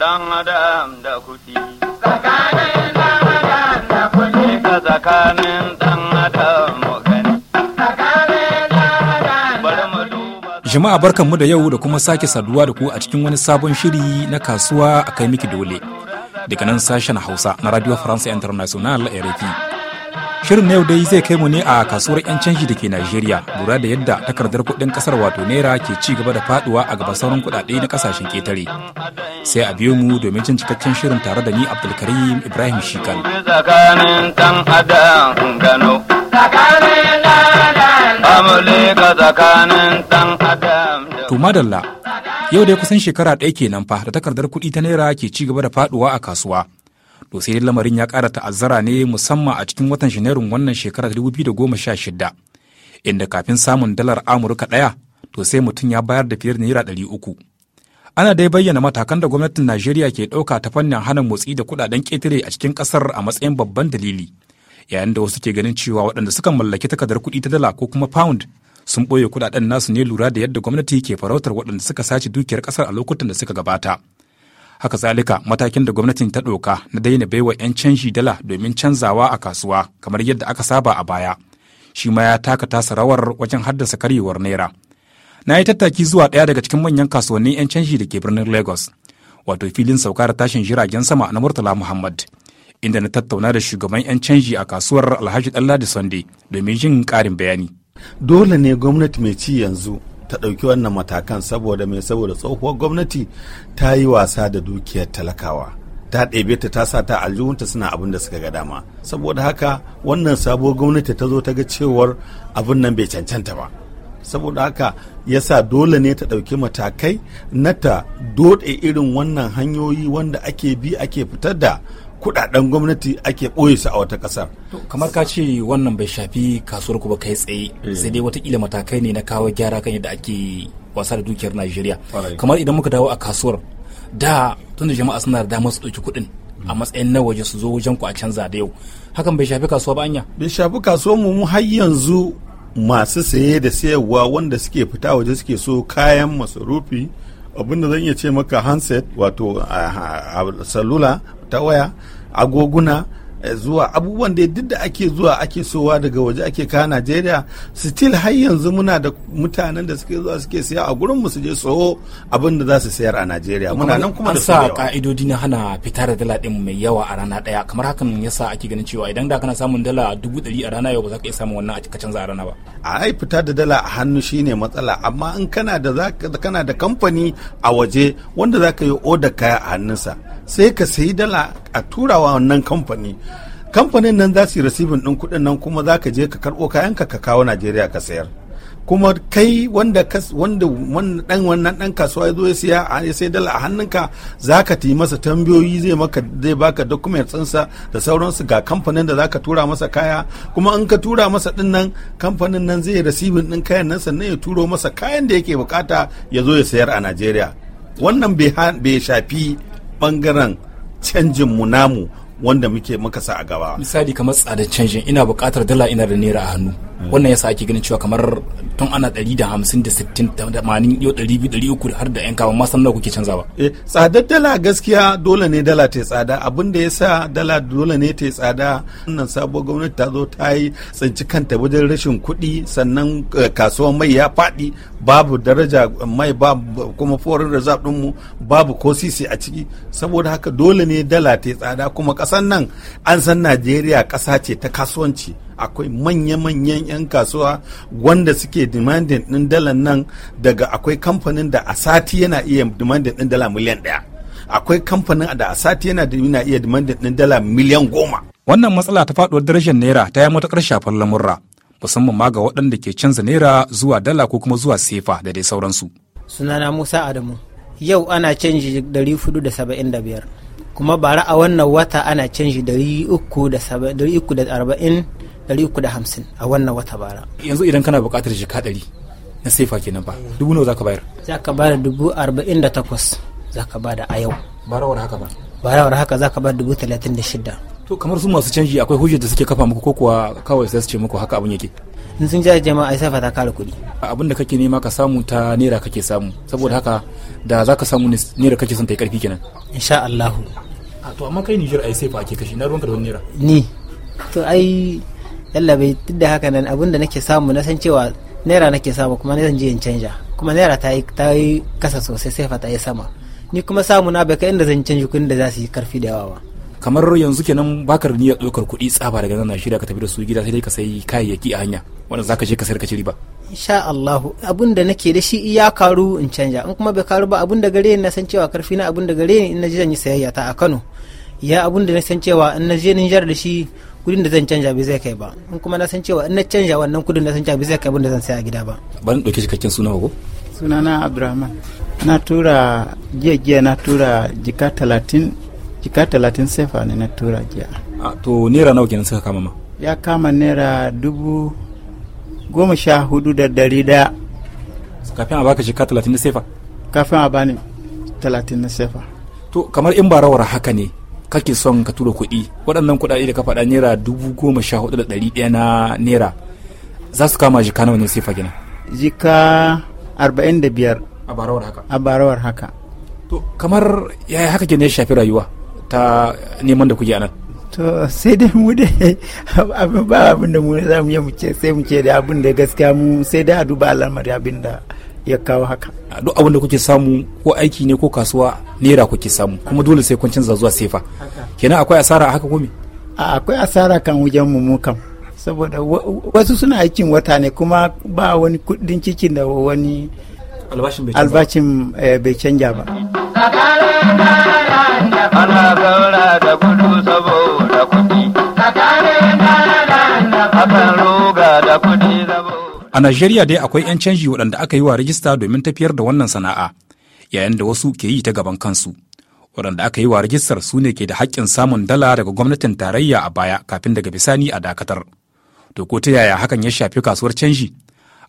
dan adam da kuɗi. Tsakanin dan adam da kuɗi. Tsakanin dan adam Jama'a barkanmu da yau da kuma sake saduwa da ku a cikin wani sabon shiri na kasuwa a kai miki dole. Daga nan sashen Hausa na Radio France International RFI. shirin na yau dai zai kai mu ne a kasuwar 'yan canji da ke najeriya lura da yadda takardar kudin kasar wato naira ke ci gaba da faduwa a gaba sauran kudade na kasashen ketare sai a biyo mu domin jin cikakken shirin tare da ni abdulkarim ibrahim shikan to yau dai kusan shekara ɗaya kenan fa da takardar kuɗi ta naira ke ci gaba da faduwa a kasuwa to sai lamarin ya ƙara ta'azzara ne musamman a cikin watan janairun wannan shekarar 2016 inda kafin samun dalar amurka ɗaya to sai mutum ya bayar da fiye da naira ɗari uku ana dai bayyana matakan da gwamnatin najeriya ke ɗauka ta fannin hana motsi da kuɗaɗen ƙetare a cikin ƙasar a matsayin babban dalili yayin da wasu ke ganin cewa waɗanda suka mallaki takardar kuɗi ta dala ko kuma pound sun ɓoye kuɗaɗen nasu ne lura da yadda gwamnati ke farautar waɗanda suka sace dukiyar ƙasar a lokutan da suka gabata haka zalika matakin da gwamnatin ta ɗauka na daina baiwa 'yan canji dala domin canzawa a kasuwa kamar yadda aka saba a baya shi ma ya taka tasa rawar wajen haddasa karyewar naira na yi tattaki zuwa ɗaya daga cikin manyan kasuwannin 'yan canji da ke birnin lagos wato filin sauka da tashin jiragen sama na murtala muhammad inda na tattauna da shugaban 'yan canji a kasuwar alhaji ɗanladi sunday domin jin karin bayani dole ne gwamnati mai ci yanzu ta ɗauki wannan matakan saboda mai saboda tsohuwar gwamnati ta yi wasa da dukiyar talakawa ta ɗebe ta ta sa ta aljihunta suna abin da suka ga dama saboda haka wannan sabuwar gwamnati ta zo ta ga cewar abin nan bai cancanta ba saboda haka ya sa dole ne ta ɗauki matakai na ta doɗe irin wannan hanyoyi wanda ake bi ake fitar da kudaden gwamnati ake ɓoye su a wata ƙasar. kamar ka ce wannan bai shafi kasuwar ku ba kai tsaye eh. sai dai watakila matakai ne na kawo gyara kan yadda ake wasa da dukiyar najeriya kamar idan muka dawo a kasuwar da tunda jama'a suna da damar su ɗauki kuɗin a matsayin na waje su zo wajen ku a canza da yau hakan bai shafi kasuwa ba anya bai shafi kasuwar mu har yanzu masu saye da sayarwa wanda suke fita waje suke so kayan masarufi abinda zan iya ce maka handset wato salula ta waya agoguna Eh, zuwa abubuwan da duk da ake zuwa ake sowa daga waje ake kawo najeriya still har yanzu muna da mutanen da suke zuwa suke siya a gurin mu su je soho abin da za su sayar a najeriya muna nan kuma da sa ka'idodi na hana fita da dala din mai yawa a rana daya kamar hakan ya sa ake ganin cewa idan da kana samun dala dubu ɗari a rana yau ba za ka iya samun wannan a canza za a rana ba a ai fita da dala a hannu shine matsala amma in kana da kana da kamfani a waje wanda za ka yi odar kaya a hannunsa sai ka sayi dala a turawa wannan kamfani kamfanin nan za su yi rasibin ɗin kuɗin nan kuma za ka je ka karɓo kayanka ka kawo najeriya ka sayar kuma kai wanda wanda dan wannan ɗan kasuwa ya zo ya siya ya sai dala a hannunka za ka ti masa tambayoyi zai maka zai baka document ɗinsa da sauransu ga kamfanin da za ka tura masa kaya kuma in ka tura masa ɗin nan kamfanin nan zai rasibin ɗin kayan nan sannan ya turo masa kayan da yake bukata ya zo ya sayar a Najeriya wannan bai shafi bangaren canjin mu namu wanda muke muka sa a gaba misali kamar tsadar canjin ina buƙatar dala ina da naira a hannu wannan yasa ake ganin cewa kamar tun ana 150 da 60 da 80 yau 200 har da yan kawo ma nawa kuke canza eh tsadar dala gaskiya dole ne dala ta tsada abin da sa dala dole ne ta tsada wannan sabuwar gwamnati ta zo ta yi tsinci kanta wajen rashin kuɗi sannan eh, kasuwar mai ya faɗi babu daraja mai ba kuma da zaɓin mu babu ko sisi a ciki saboda haka dole ne dala ta tsada kuma ƙasar nan an san Najeriya ƙasa ce ta kasuwanci akwai manya-manyan 'yan kasuwa wanda suke demanding ɗin dalar nan daga akwai kamfanin da a sati yana iya demanding ɗin dala miliyan ɗaya akwai kamfanin da a sati yana iya demanding ɗin dala miliyan goma wannan matsala ta faɗuwar darajar naira ta yi matuƙar shafar lamurra musamman ma ga waɗanda ke canza naira zuwa dala ko kuma zuwa sefa da dai sauransu sunana musa adamu yau ana canji 475 kuma bara a wannan wata ana canji 345 350 a wannan wata bara yanzu idan kana bukatar jika 100 na sefa kenan ba dubu nawa zaka bayar zaka bada dubu 48 zaka bada a yau barawar haka ba barawar haka zaka bada dubu 36 to kamar su masu canji akwai hujjar da suke kafa muku ko kuwa kawai sai su ce muku haka abun yake in sun jaje jama'a ai sefa ta kare kuɗi abin da kake nema ka samu ta naira kake samu saboda haka da zaka samu naira kake son ta yi karfi kenan insha Allah a to amma kai Niger ai sefa ake kashi na ruwanka da wani naira ni to ai yallabe duk da haka nan abin da nake samu na san cewa naira nake samu kuma na je in canja kuma naira ta yi ta yi kasa sosai sai fata ya sama ni kuma samu na bai kai inda zan canji kuɗin da za su yi karfi da yawa ba kamar yanzu kenan bakar niyyar ɗaukar kuɗi tsaba daga nan shirya ka tafi da su gida sai dai ka sai kayayyaki a hanya wanda zaka je ka sayar ka ci riba insha Allah abun da nake da shi iya karu in canja in kuma bai karu ba abun da gare ni na san cewa karfi na abun da gare ni in na je zan yi sayayya ta a Kano ya abun da na san cewa in na je Niger da shi kudin da zan canja bai zai kai ba in kuma na san cewa in na canja wannan kudin na san cewa bai zai kai da zan sai a gida ba ban dauke cikakken suna ko na abdurrahman na tura jiya jiya na tura jika talatin jika talatin sefa ne na tura jiya. a to naira nawa kenan suka kama ma ya kama naira dubu goma sha hudu da dari daya kafin a baka jika talatin na sefa kafin a bani talatin na sefa to kamar in ba rawar haka ne kake son ka tura kuɗi waɗannan kuɗaɗe da ka faɗa naira dubu goma sha hudu da ɗari ɗaya na naira za su kama jika nawa ne sifa gina jika arba'in da biyar a barawar haka a barawar haka to kamar yaya haka gina ya shafi rayuwa ta neman da kuke anan to sai dai mu da abin ba abin da mu za mu yi mu ce sai mu ce da abin da gaskiya mu sai dai a duba al'amari abin da ya kawo haka duk abin da kuke samu ko aiki ne ko kasuwa naira kuke samu kuma dole sai kun canza zuwa sefa kenan akwai asara a haka kome a akwai asara kan wajen mu kam saboda wasu suna aikin wata ne kuma ba wani kudin cikin da wani albashin bai canja eh, ba ana da gudu saboda akan roga da kudi A Najeriya dai akwai 'yan canji waɗanda aka yi wa rajista domin tafiyar da wannan sana'a, yayin da wasu ke yi ta gaban kansu. Waɗanda aka yi wa rajistar su ne ke da haƙƙin samun dala daga gwamnatin tarayya a baya kafin daga bisani a dakatar. To ko ta yaya hakan ya shafi kasuwar canji?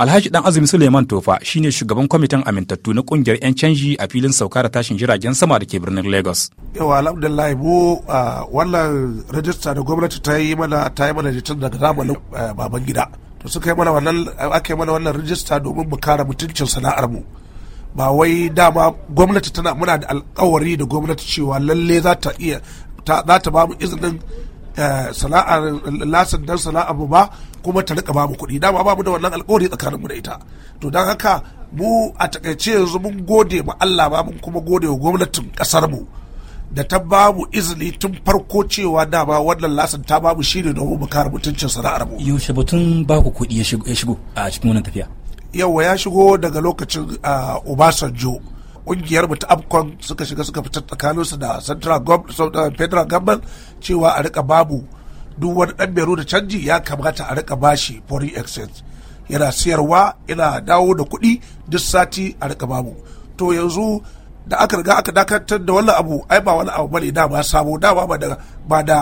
Alhaji Dan Azumi Suleiman Tofa shi ne shugaban kwamitin amintattu na kungiyar 'yan canji a filin sauka da tashin jiragen sama da ke birnin Lagos. Yawa Alhamdulillah mu wannan rajista da gwamnati ta yi mana ta yi mana jitin daga zamanin eh, baban gida. to suka yi mana wannan aka yi mana wannan rijista domin mu kare mutuncin sana'ar mu ba wai dama gwamnati tana muna da alkawari da gwamnati cewa lalle za ta iya za ta ba mu izinin eh, sana'ar lasin dan sana'ar mu ba kuma ta rika ba mu kuɗi dama ba mu da wannan alkawari tsakanin mu da ita to don haka mu a takaice yanzu mun gode ma Allah ba mun kuma gode wa gwamnatin kasar mu da ta babu izini tun farko cewa ba wannan lasin ta babu shi ne domin mu kare mutuncin sana'ar mu. Yaushe batun baku kuɗi ya shigo a cikin wannan tafiya? Yawa ya shigo daga lokacin Obasanjo. Ƙungiyar mu ta Afcon suka shiga suka fita tsakanin su da Central Federal Government cewa a rika babu duk wani ɗan beru da canji ya kamata a rika bashi foreign exchange. Yana siyarwa, yana dawo da kuɗi duk sati a rika babu. To yanzu da aka riga aka dakatar da wannan abu ai ba wani abu bane dama sabo dama ba da ba da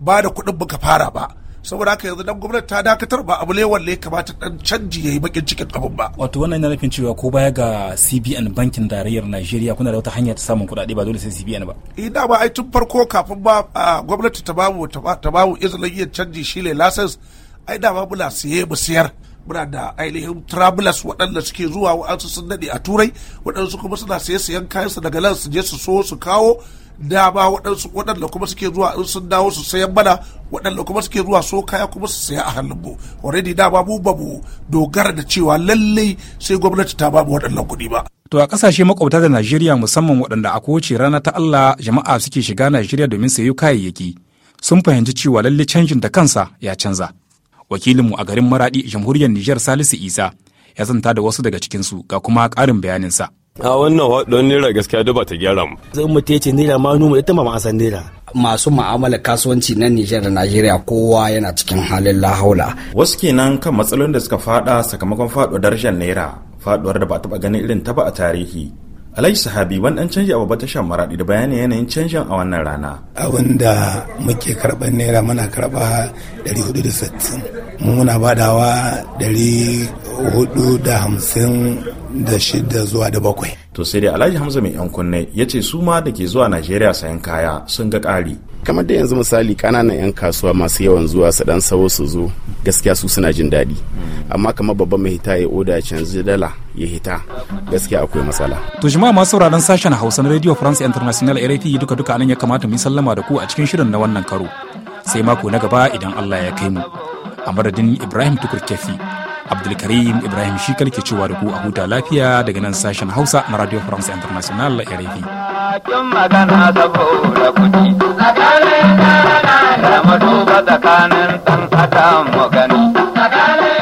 ba da kuɗin baka fara ba saboda haka yanzu dan gwamnati ta dakatar ba abu ne ya kamata dan canji yayi bakin cikin abun ba wato wannan yana nufin cewa ko baya ga CBN bankin tarayyar Najeriya kuna da wata hanya ta samun kuɗaɗe ba dole sai CBN ba eh da ba ai tun farko kafin ba gwamnati ta bamu ta bamu izinin yin canji shine license ai da ba muna siye mu siyar muna da ainihin travelers waɗanda suke zuwa wa'ansu sun daɗe a turai waɗansu kuma suna saye sayan kayan su daga nan su je su so su kawo ba waɗansu waɗanda kuma suke zuwa in sun dawo su sayan bana waɗanda kuma suke zuwa so kaya kuma su saya a hannun mu already ba mu ba mu dogara da cewa lallai sai gwamnati ta ba mu waɗannan kuɗi ba. To a kasashe makwabta da Najeriya musamman waɗanda a kowace rana ta Allah jama'a suke shiga Najeriya domin sayo kayayyaki sun fahimci cewa lallai canjin da kansa ya canza. wakilinmu a garin maradi jamhuriyar nijar salisu isa ya zanta da wasu daga su ga kuma karin bayaninsa a wannan don naira gaskiya duba ta gyara mu zai mu tece naira ma numu ita ma ma san naira masu ma'amala kasuwanci na Nijar da Najeriya kowa yana cikin halin lahaula wasu kenan kan matsalolin da suka fada sakamakon faɗuwar darajar naira faduwar da ba taɓa ganin irin ta ba a tarihi Alhaji Sahabi wani ɗan canji a babbar tashar maraɗi da bayanin yanayin canjin a wannan rana. Abin da muke karɓar naira muna karɓa 460 muna badawa dari hudu da hamsin da shida zuwa da bakwai. To sai dai Alhaji Hamza mai yan kunne ya ce su ma da ke zuwa Najeriya sayan kaya sun ga ƙari. Kamar da yanzu misali kananan 'yan kasuwa masu yawan zuwa su ɗan sawo su zo gaskiya su suna jin daɗi. Hmm. Amma kamar babban mai hita ya oda canji dala ya hita gaskiya akwai matsala. To jama'a masu sauraron sashen Hausa na Radio France International RFI duka duka anan ya kamata mu sallama da ku a cikin shirin na wannan karo. Sai mako na gaba idan Allah ya kai mu. a madadin ibrahim tukur kefi abdulkarim ibrahim shi ke cewa da ku a huta lafiya daga nan sashen hausa na radio france international rfi tsakanin dan tsakanin magani